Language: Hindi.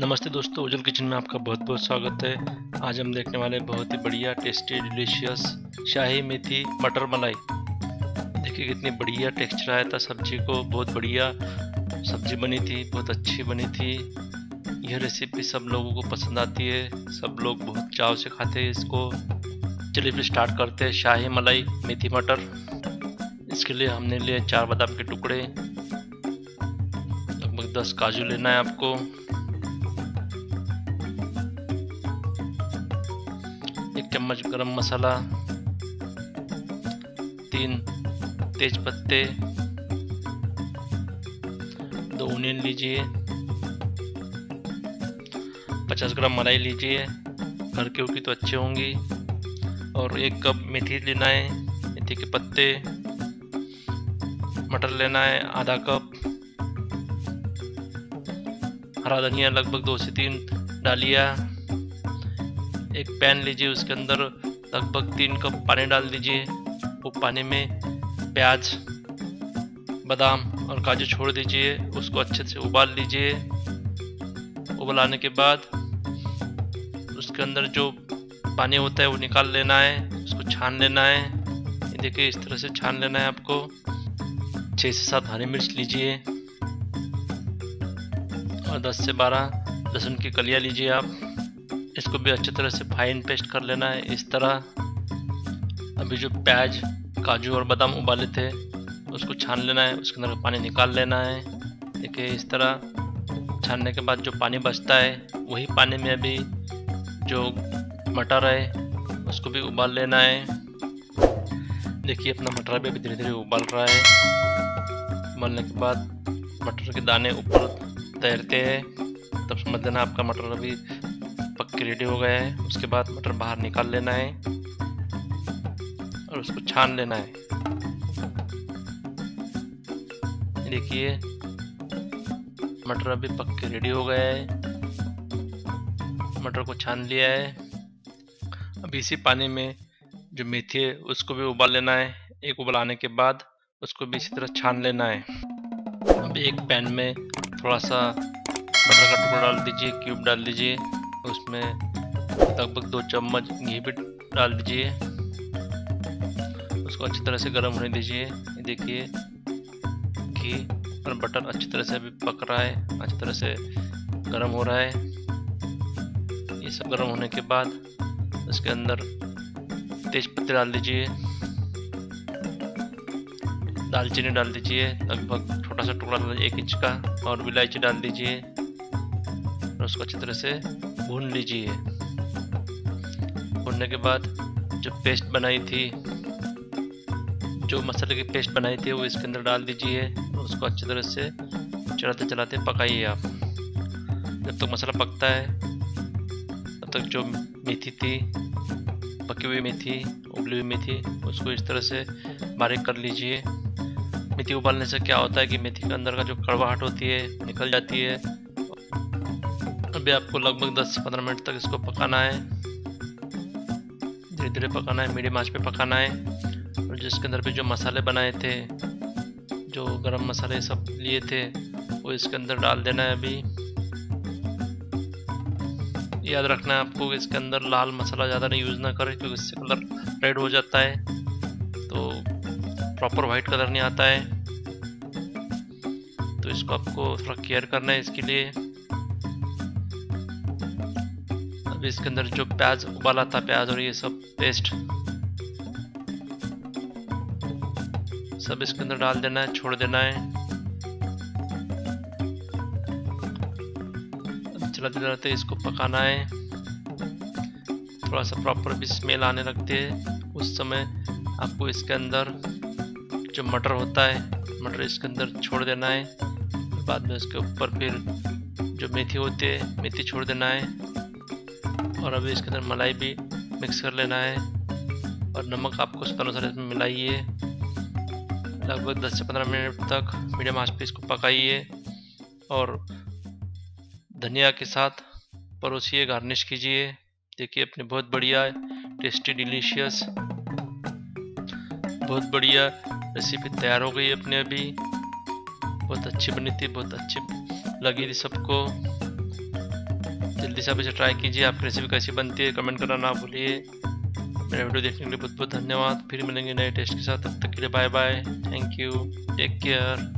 नमस्ते दोस्तों उज्जवल किचन में आपका बहुत बहुत स्वागत है आज हम देखने वाले बहुत ही बढ़िया टेस्टी डिलीशियस शाही मेथी मटर मलाई देखिए कितनी बढ़िया टेक्सचर आया था सब्जी को बहुत बढ़िया सब्जी बनी थी बहुत अच्छी बनी थी यह रेसिपी सब लोगों को पसंद आती है सब लोग बहुत चाव से खाते हैं इसको चलिए फिर स्टार्ट करते हैं शाही मलाई मेथी मटर इसके लिए हमने लिए चार बादाम के टुकड़े लगभग दस काजू लेना है आपको एक चम्मच गरम मसाला तीन तेज पत्ते दो ओनियन लीजिए पचास ग्राम मलाई लीजिए घर के होगी तो अच्छी होंगी और एक कप मेथी लेना है मेथी के पत्ते मटर लेना है आधा कप हरा धनिया लगभग दो से तीन डालिया एक पैन लीजिए उसके अंदर लगभग तीन कप पानी डाल दीजिए वो पानी में प्याज बादाम और काजू छोड़ दीजिए उसको अच्छे से उबाल लीजिए उबलाने के बाद उसके अंदर जो पानी होता है वो निकाल लेना है उसको छान लेना है देखिए इस तरह से छान लेना है आपको छः से सात हरी मिर्च लीजिए और दस से बारह लहसुन की कलियाँ लीजिए आप इसको भी अच्छी तरह से फाइन पेस्ट कर लेना है इस तरह अभी जो प्याज काजू और बादाम उबाले थे उसको छान लेना है उसके अंदर पानी निकाल लेना है देखिए इस तरह छानने के बाद जो पानी बचता है वही पानी में अभी जो मटर है उसको भी उबाल लेना है देखिए अपना मटर भी धीरे धीरे उबाल रहा है उबालने के बाद मटर के दाने ऊपर तैरते हैं तब समझ लेना आपका मटर अभी आपके रेडी हो गया है उसके बाद मटर बाहर निकाल लेना है और उसको छान लेना है देखिए मटर अभी पक के रेडी हो गया है मटर को छान लिया है अब इसी पानी में जो मेथी है उसको भी उबाल लेना है एक उबलाने के बाद उसको भी इसी तरह छान लेना है अब एक पैन में थोड़ा सा मटर का टुकड़ा डाल दीजिए क्यूब डाल दीजिए उसमें लगभग दो चम्मच घी भी डाल दीजिए उसको अच्छी तरह से गर्म होने दीजिए देखिए घी और बटर अच्छी तरह से अभी पक रहा है अच्छी तरह से गर्म हो रहा है ये सब गर्म होने के बाद उसके अंदर तेज पत्ते डाल दीजिए दालचीनी डाल दीजिए लगभग छोटा सा टुकड़ा मतलब एक इंच का और इलायची डाल दीजिए उसको अच्छी तरह से भून लीजिए भूनने के बाद जो पेस्ट बनाई थी जो मसाले की पेस्ट बनाई थी वो इसके अंदर डाल दीजिए उसको अच्छी तरह से चलाते चलाते पकाइए आप जब तक तो मसाला पकता है तब तक जो मेथी थी पकी हुई मेथी उबली हुई मेथी उसको इस तरह से बारीक कर लीजिए मेथी उबालने से क्या होता है कि मेथी के अंदर का जो कड़वाहट होती है निकल जाती है अभी आपको लगभग 10 से 15 मिनट तक इसको पकाना है धीरे धीरे पकाना है मीडियम आंच पे पकाना है और जिसके अंदर भी जो मसाले बनाए थे जो गरम मसाले सब लिए थे वो इसके अंदर डाल देना है अभी याद रखना है आपको इसके अंदर लाल मसाला ज़्यादा नहीं यूज़ ना करें क्योंकि इससे कलर रेड हो जाता है तो प्रॉपर वाइट कलर नहीं आता है तो इसको आपको थोड़ा केयर करना है इसके लिए अभी इसके अंदर जो प्याज उबाला था प्याज और ये सब पेस्ट सब इसके अंदर डाल देना है छोड़ देना है चलाते चलाते इसको पकाना है थोड़ा सा प्रॉपर भी स्मेल आने लगते है उस समय आपको इसके अंदर जो मटर होता है मटर इसके अंदर छोड़ देना है बाद में उसके ऊपर फिर जो मेथी होती है मेथी छोड़ देना है और अभी इसके अंदर मलाई भी मिक्स कर लेना है और नमक आपको उसके अनुसार इसमें मिलाइए लगभग 10 से 15 मिनट तक मीडियम आंच पे इसको पकाइए और धनिया के साथ परोसिए गार्निश कीजिए देखिए अपने बहुत बढ़िया टेस्टी डिलीशियस बहुत बढ़िया रेसिपी तैयार हो गई अपने अभी बहुत अच्छी बनी थी बहुत अच्छी लगी थी सबको जल्दी से आप इसे ट्राई कीजिए आपकी रेसिपी कैसी बनती है कमेंट करना ना भूलिए मेरा वीडियो देखने के लिए बहुत बहुत धन्यवाद फिर मिलेंगे नए टेस्ट के साथ तब तक के लिए bye bye thank you take care